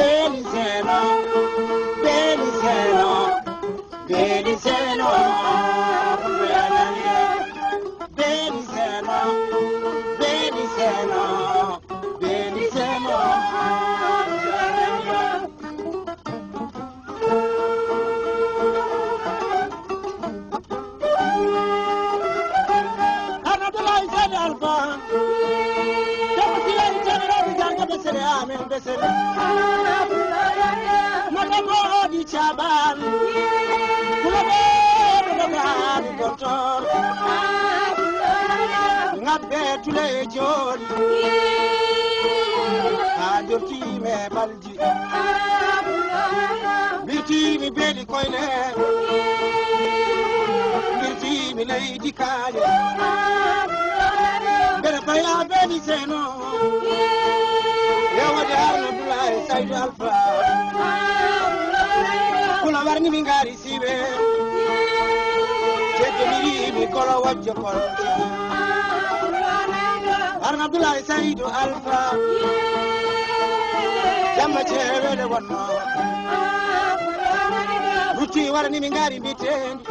Venezuela, Venezuela, Venezuela. kasar mata modi chaban kula be daga doktor ngabbe tule jori ha jorti me balji birtimi beɗi koyne birtimi leydi kaale mbere koyna beɗi seno yeah kayri alfa kuna warni min gari sibe ceddo miri mi kolo wajjo kolo alfa jamma cewede wonno rutti warani min gari mbitendi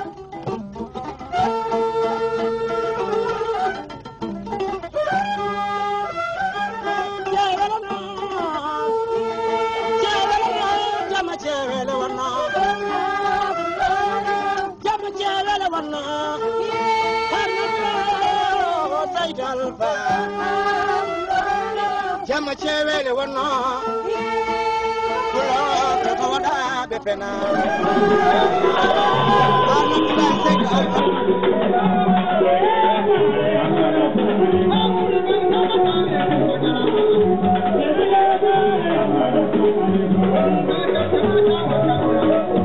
alfa jama cewele wonno fuloɓe ko waɗaɓe pena alhamdulilah seydi alfa Thank you.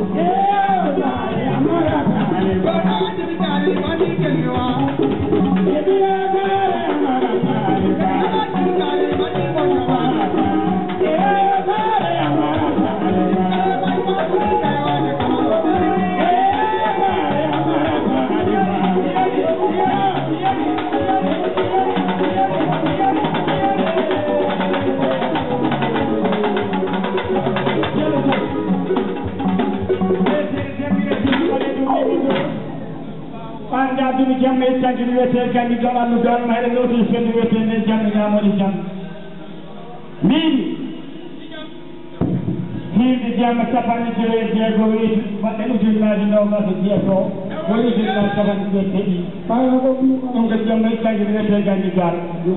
Yeah, I'm not a man. But I'm not a man. jangi jom anndu dowal ma hayɗa newtoy e fenndu wiyetende e jangiyamoɗe jam min hiide jeema capanɗe jowe jeego wiyt mbaɗɗe ujunnaaji nawmaso jeeto woni ujunnaa capanɗe jo teɗi ɗum ko jom e ay kanji wiyete gandi gar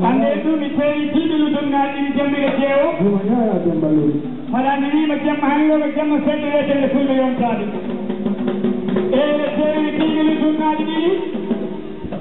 annde ɗumi tawi tiɗɗil ujunnaaji ɗi jembe e jeewoa haɗani wiima jemma hanwiyoɓe jemma fedde wiyetende fulɓe yontaade ee tawi tiɗɗil ujunnaaji ɗiɗi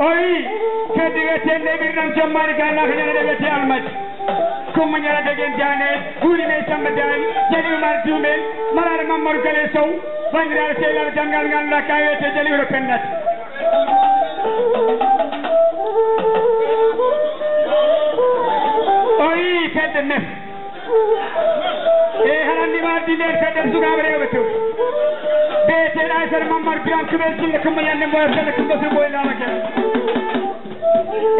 o wi kedi wiyete ndeɓiri tan jommani gannako ñanede wiyete almadi kumma ñaradegen diane guurine samba dani jaliwmar diumel marade mamadou gale sow bandiraɗo seylaɗo jangal ganduɗa ka wiyete jaliwro pennat o wi fedde nef ey halandimardi nder fedde sukaɓa rewɓe tew beyeteɗa sara mamadou biyam cuɓel jinde kumma ñande mboyo e fedde kumbasu boyi lawa kene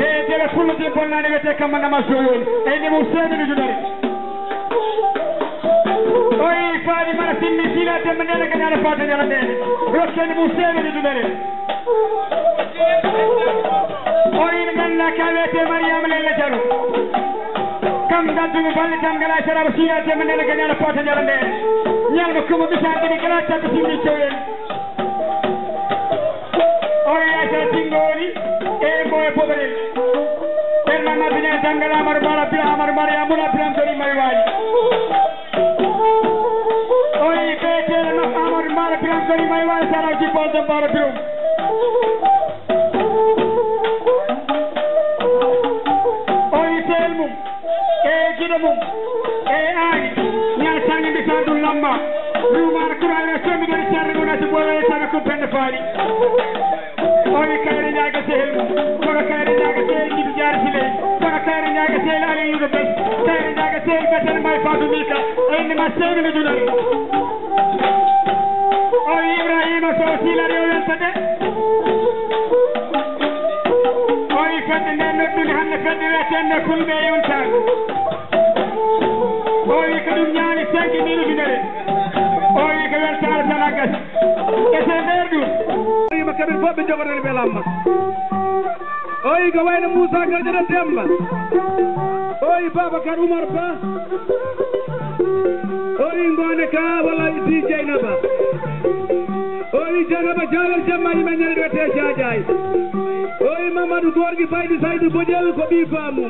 eyi ndewe kullodi bonnani wiyete kammanama joyoni eyi ndemo seedini judare oyi faani mana timmi fiina demba ndene kadi ala faata ndera ndene rokke ndemo seedini judare oyin ganda ka wiyete mariama lelle jaru kam daddumi balle jam gala jaraba e fiina demba ndene kadi ala faata ndera ndene ñalma kumo bisaɗini gala tabbe timmi e cewen oyi yata tingoni poveri. Ten mama bine zangala amar bala pila amar mari amula pila amtori mariwali. Oi ke ten mama amar mara pila amtori mariwali sara ki polta para pirum. Oi selmum. E gidamum. E ani. Nya sangi bisandu lamba. Rumar kurala semigari sarguna sipola sana kupende fali. faadumi ka o innima sewnude julanima o ibrahima so siilare o welta de o wi fedde nde noddude hande fedde wetenne kulɓe e yewntaade o wi ko ɗum ñaani cinq minute nere o wi ko weltaare tana gasi ese ndeer ɗum oyima kaɓen fof ɓe jogotani ɓelamma o yi ko wayno moussa gadjata temba o yi baba kar oumar ba oyi ngoone ka walla e i di dieynaba oyi dianaba jaalal jamma yima ñane ɗoete jaajay oyi mamadou gorgui baydi saydou boƴel ko ɓi faamu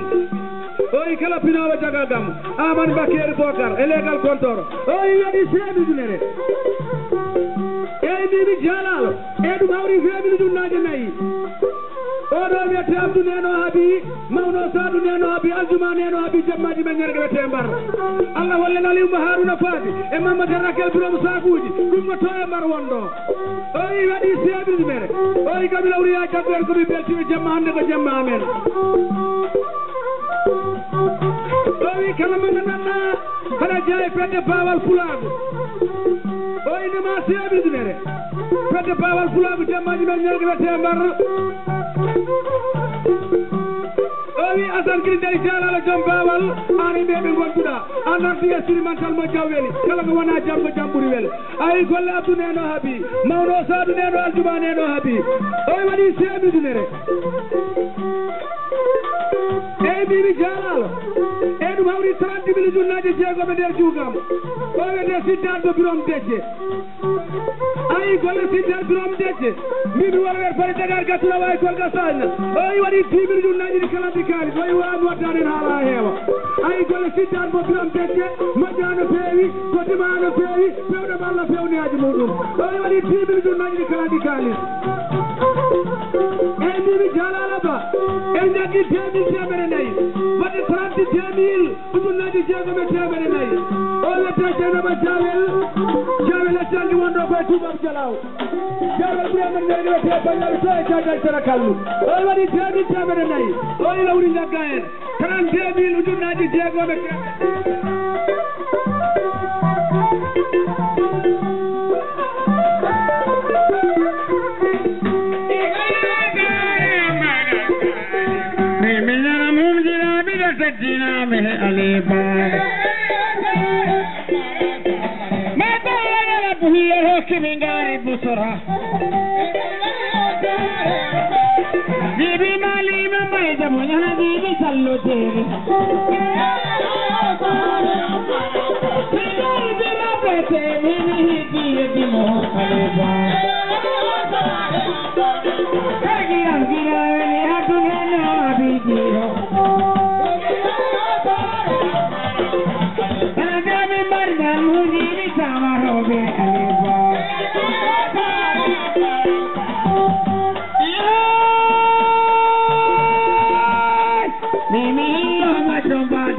oyi kala pinowo jaga gam amane bakkeri bocar e legal contor oyi waɗi seedu ɗumere eyi mimi jaalal e ɗum hawri feminiɗum naje nayyi oɗo wiyete abdou neno haabi mawno sadou neno haabi aljuma neno haabi jemmaji men ñerga wiyete mbar allah wallen ali umba haruna faadi e mamadou rakel broum sakuji ɗummoto e mbar wonɗo oy waɗi sebide mere oy gami lawriya jabbere komi beltino jemma hande ko jemma amen owi kala mo gandanɗa haɗa dia e fedde bawal fulaɓe o innama seyaɓidumere fedde bawal fulaɓe jammaji men ñalguila temarra o wi asan kiri dari jaalala joom bawal ani ɓe ɓe gonduɗa anarti instrumental mo jaw weli kala ko wona jamgo jam ɓuuri weele ayi golle addu neno haabi mawno saadu neno aljuma neno haabi oy waɗi seyaɓidumere eyi mbimi jaalala ɗum hawri trente mille journaji jeegoɓe nde juugama ɓawe nde siddar do birom dejje ayi golle siddar birom dejje mbimi wolwer fayi dagar gasura wawi kolga sana ayi waɗi dix mille journaji ɗi kalande kaali koye wawi waddaden haala heewa ayi golle siddar mo birom dejje majjano feewi ko dimano feewi pewɗo ballah fewniyaji muɗum ayi waɗi dix mille journaji ɗi kalandi kaali mimi jaalalaba e jaggi temil temere nayyi baɗe trente temil ujunnaji jeegom e temere nayyi o wiyete jeenoba jawel jawel e jangi wonɗo koye tubaɓe jalaw jawel ɓuremen nayiɗiwete bañal so e jaggal sarakallu o waɗi temil temere nayyi o ilawri jagga hen trente temil ujunnaji jeegom e ali baaɗa ma baaɗa buhulla hokkimi ngaari busora jamoñahaɗiɓe sallodeɓe sigoldemaɓeteɓini hiɗiyedimo aleba tagiyaginaweni hadumenaaɓidiyo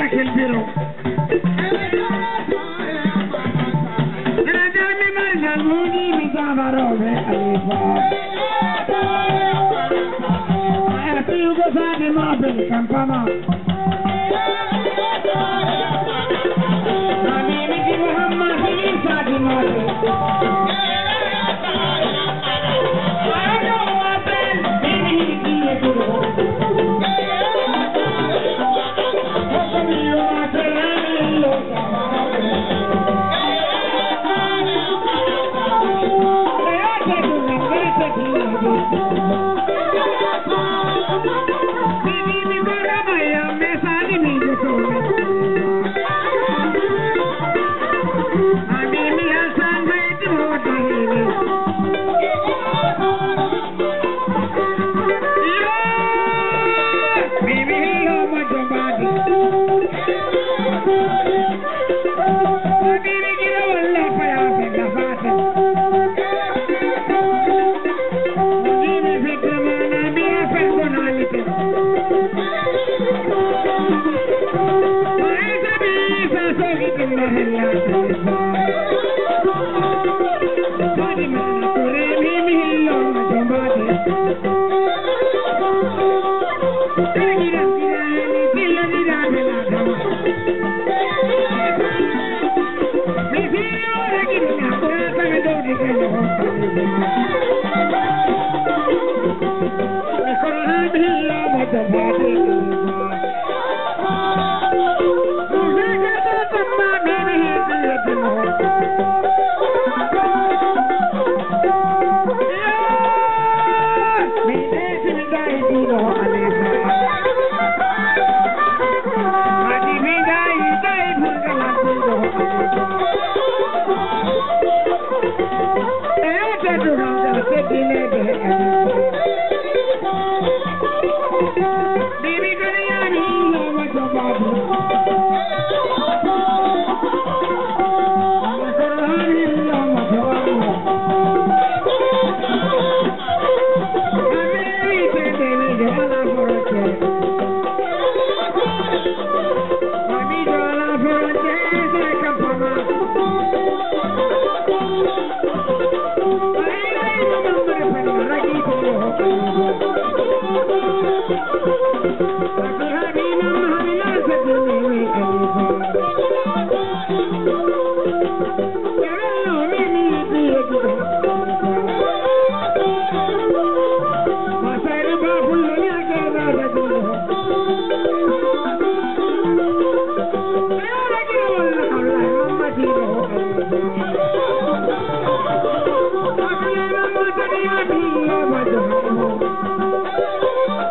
American Diddle. And a few My name is ハハハハ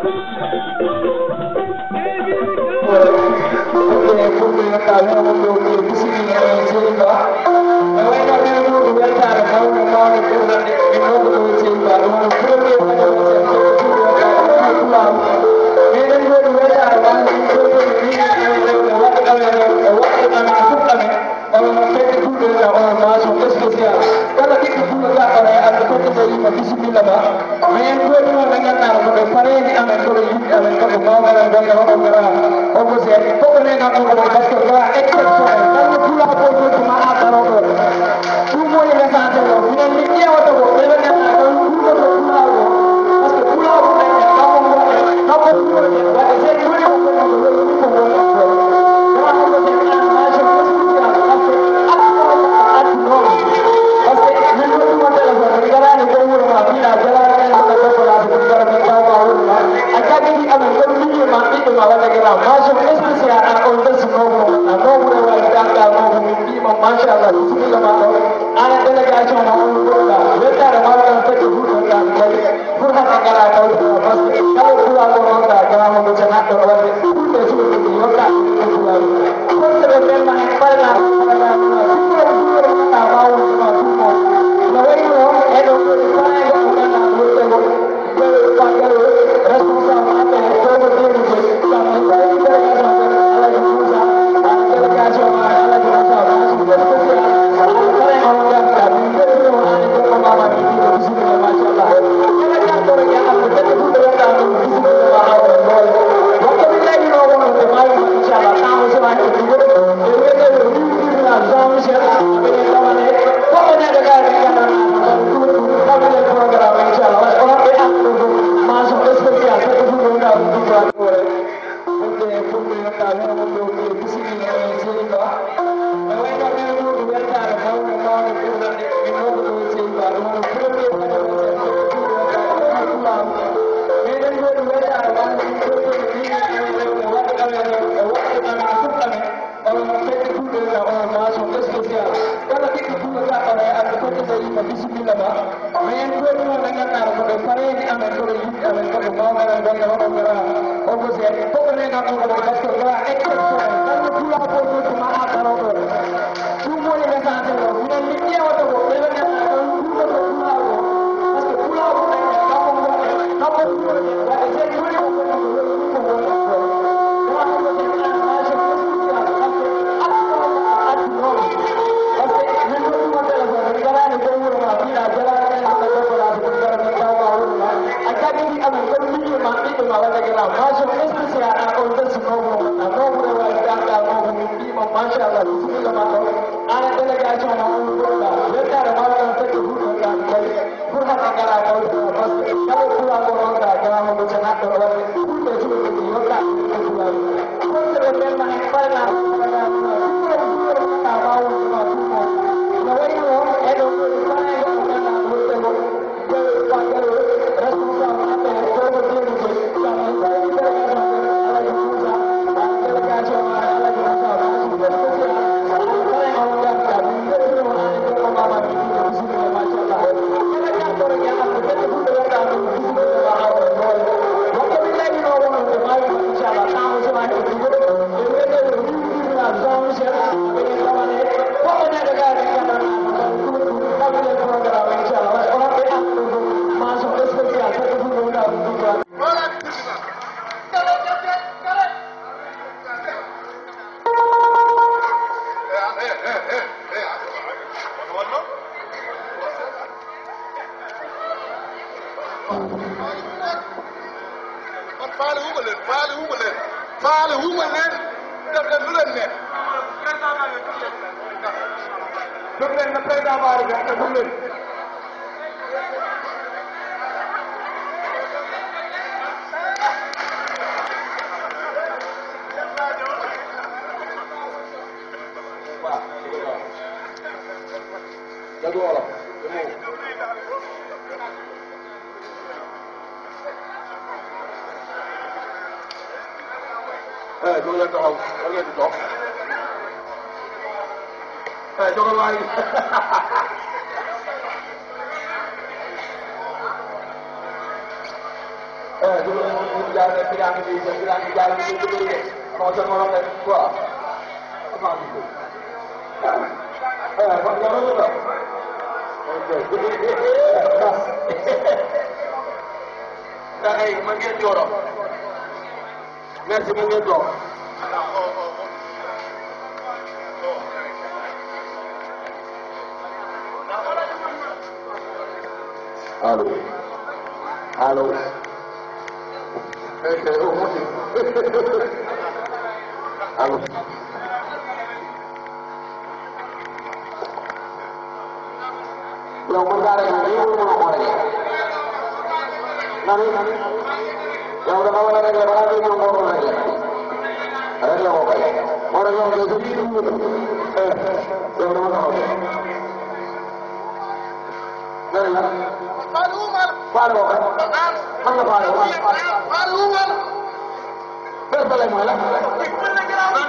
Thank you. faalu umar faalu umar per balay mooy la ma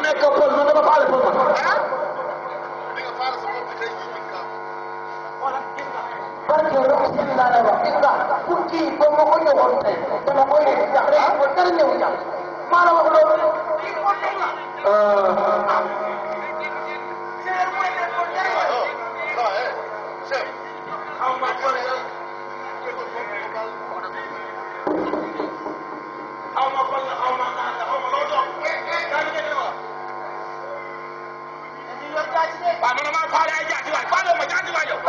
nekk pël man dama faale pël ma barke rasul la la wax gis nga tukki ba ma ko ñëwoon tey dama koy ne jax rek ko dara ñëw jax maa la wax loolu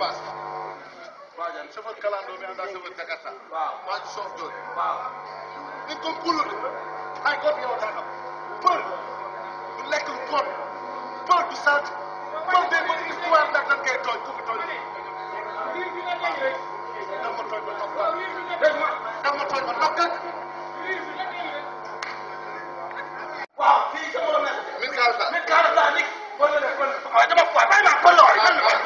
Abbas. waaw chauffeur Kalando mi ànd ak chauffeur Jakarta. waaw maa ngi soof doon. waaw dañ ko mbuulu de. ay góor yow daa xam. peur du lekk góor peur du sant. peur de mën histoire ndax dañ koy tooñ ku ko tooñ. dama ma tooñ ba nopp la. dégg nga dama ma tooñ ba nopp la. waaw fii sama nekk. 1040 la 1040 la nit. wala wala waaye dama ko waay bàyyi naa ko lool.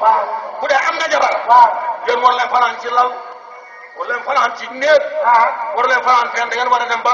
ko bu dee am nga jabar yéen war leen fanaan ci lal war leen fanaan ci néeg war leen fanaan fenn da ngeen war a dem ba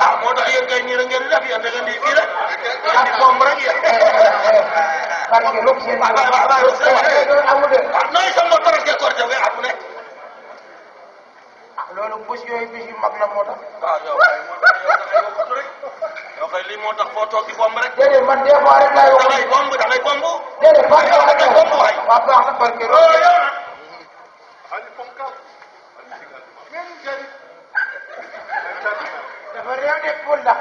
ah moo tax yéen kay nii rek ngeen di def yéen da ngeen di kii rek ngeen di bomb rek yéen. parce que loolu c'est. waaw waaw waaw c'est vrai amul de. waaw nooy sax moo tax koor jafe at mu nekk. Ah, loolu bés yooyu bés yu mag la moo tax. waaw ah, yow kay moo tax yow kay yow kay lii moo tax foo toog di bomb rek. déedéet man des fois ولا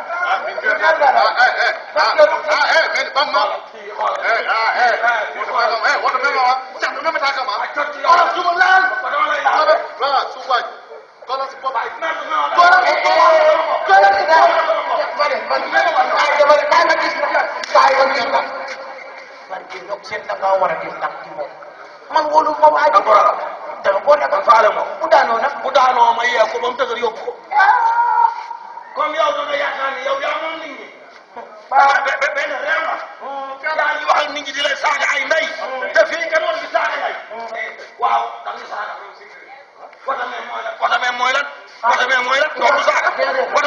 man wóolu ma waa ji dama ko nekk faale ma bu daanoo nag bu daanoo ma yee ko ba mu tëgër yóbbu ko ah. comme yow da nga yaakaar ni yow yaa moom nit ñi. waaw benn benn réew la. nga daal di wax ak nit ñi di la saaga ay ndey. te fii kenn waru fi saaga ndey. waaw da nga saaga. boo demee mooy lan boo demee mooy lan boo demee mooy lan doo ko saaga.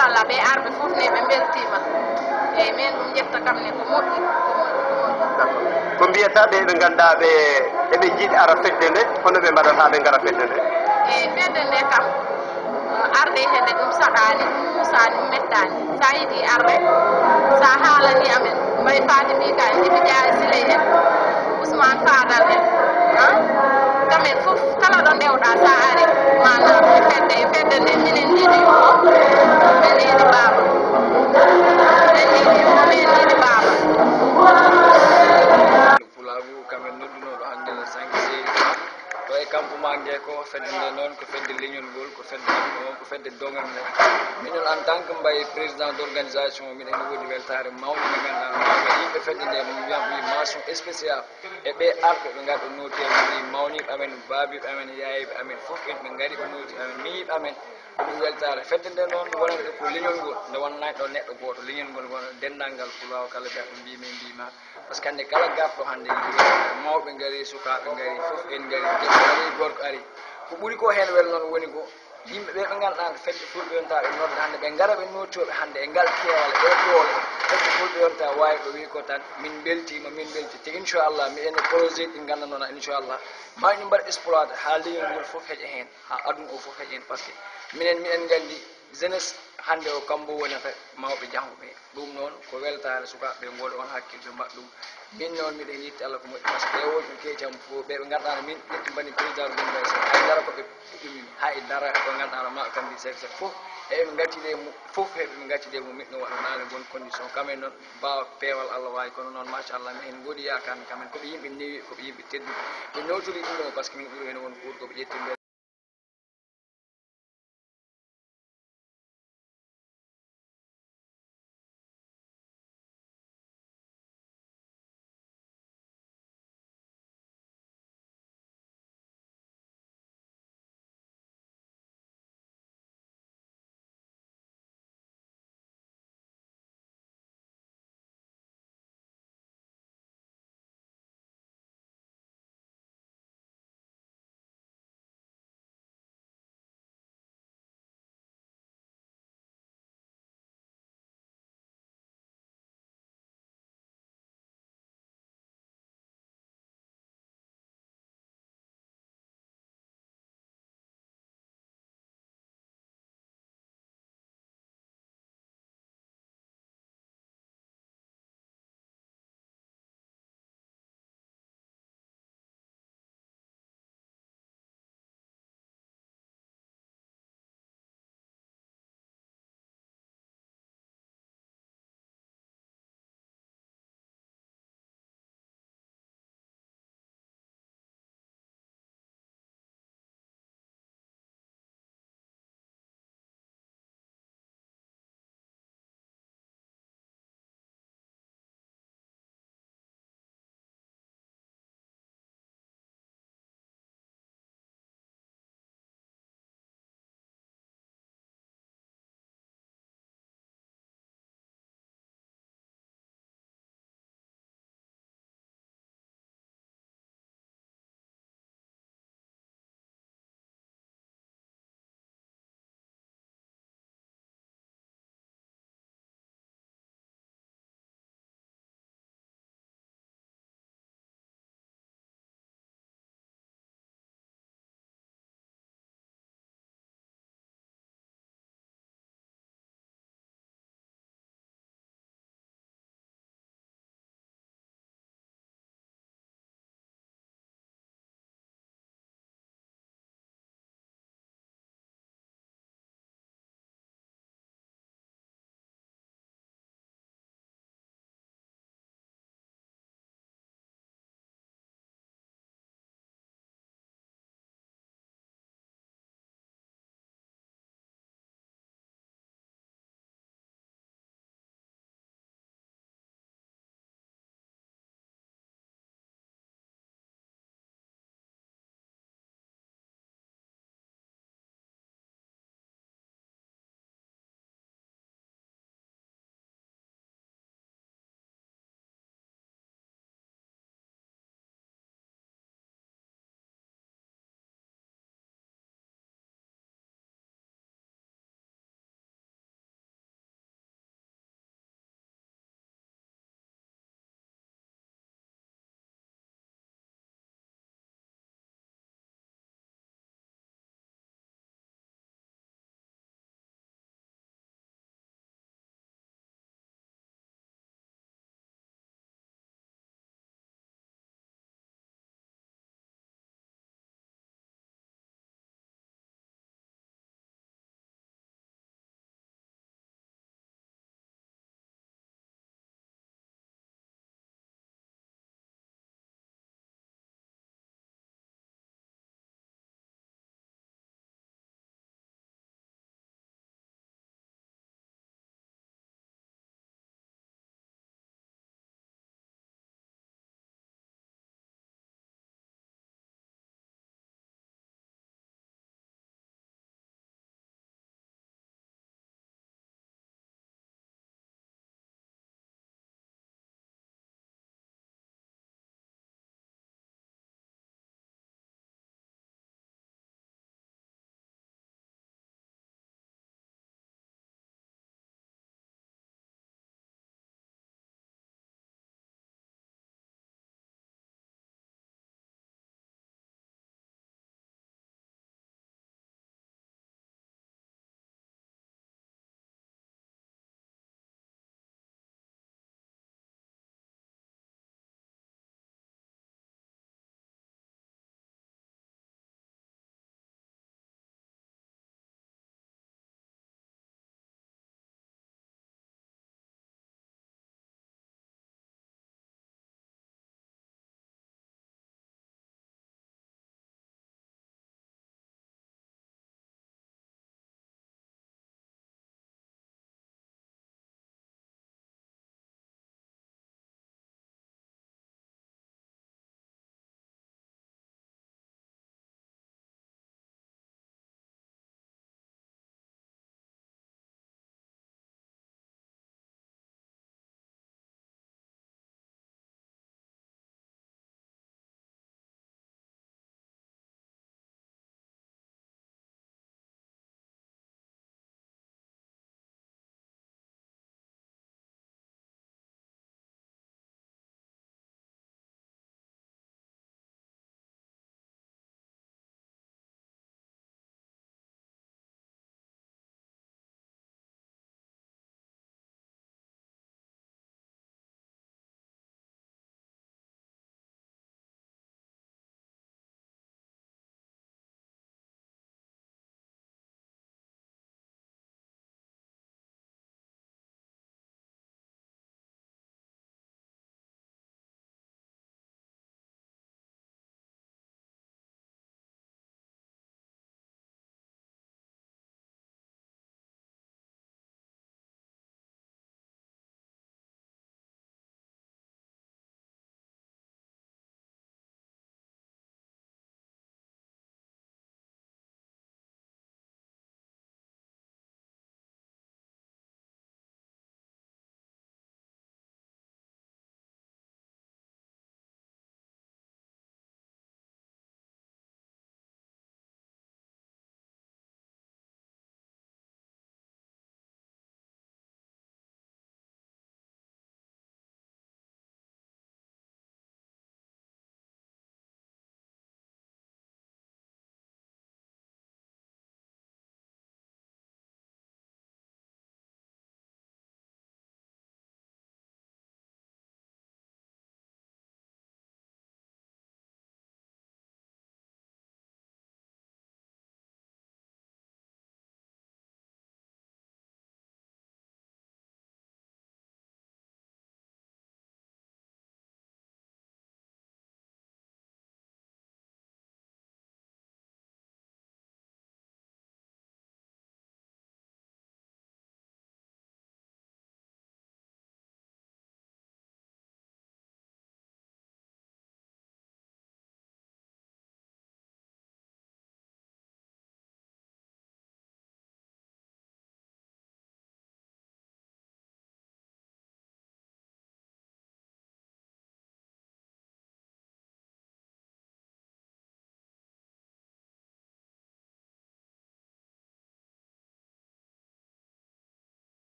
inshallah allah ɓe arɓe fof ne ɓe beltima eyyi min ɗum ƴetta kam ne ko moƴƴi ko moƴƴi ko moƴƴi ko mbiyata ɓe ɓe ganduɗa ɓe eɓe jiiɗi ara fedde nde hono ɓe mbaɗata ɓe gara fedde nde eyyi fedde nde kam arde hede ɗum saɗani ɗum usani ɗum mettani sa yiiɗi arde sa haalani amen mbay faati mbi ka jibi ƴawi siley en ousmane fadal en kamen fof kala ɗo ndewɗa sa ari manam e fedde e fedde nde minen jiiɗi o bolinha de bala. kampo mangé ko fedde nde noon ko fedde leñol ngol ko fedde ɗon ko fedde dogal nde minen en tant que mbaye président d' organisation minen ene woodi weltare mawde ɓe ganduɗa mawɓe yimɓe fedde nde wiyami mention spécial e ɓe arɓe ɓe gaɗo noti amen mawniɓe amen baabiɓe amen yayiɓe amen foof en ɓe gaari ɓe noti amen miyiɓe amen ɗum weltare fedde nde noon wonande ko leñol ngol nde wonnani ɗo neɗɗo goto leñol ngol gon dendalngal fulaw kala ɓe ko mbimi mbima par ce que hande kala garɗo hande mawɓe gaari sukaɓe gaari foof en gaari gari gorko ari ko ɓuuri ko hen welnoɗo woni ko yimɓeɓe ɓe ganduɗa fedde fulɓe yonta ɓe norde hande ɓe gara ɓe nottoɓe hande e ngal kewale ɓe doole fedde fulɓe yonta wawi ɗo wi ko tan min beltima min belti te inchallah mi ene projet ɗi gandanona inchallah maɗi ɗum mbaɗa exploité ha leñol ngol foof heeƴa hen ha aduna o foof heeƴa hen par ce que minen minen nganndi jeunesse hannde o kambo wonata mawɓe janguɓe ɗum noon ko weltare sukaɓe ngol on hakkille ɓe mbaɗ ɗum min noon miɗen yitti allah ko moƴƴi par ce que ɓe woni ɗum keecam ɓe ɓe ngannɗano min ɗetti mbanni président ɗum ɓe hay dara ko ɓe puɗɗumin hay dara ko ngannɗano ma kamdi sergse fof eɓe gaccide mum fof heɓe ɓe gaccide mum e min ɗum waɗanaani gon condition kamen noon mbawa peewal allah wawi kono noon machallah min hen goɗi yakani kamen koɓe yimɓe newi koɓe yimɓe teddu ɓe newtori ɗum ɗo par ce que min ɓuuri hen won kuur koɓe ƴettie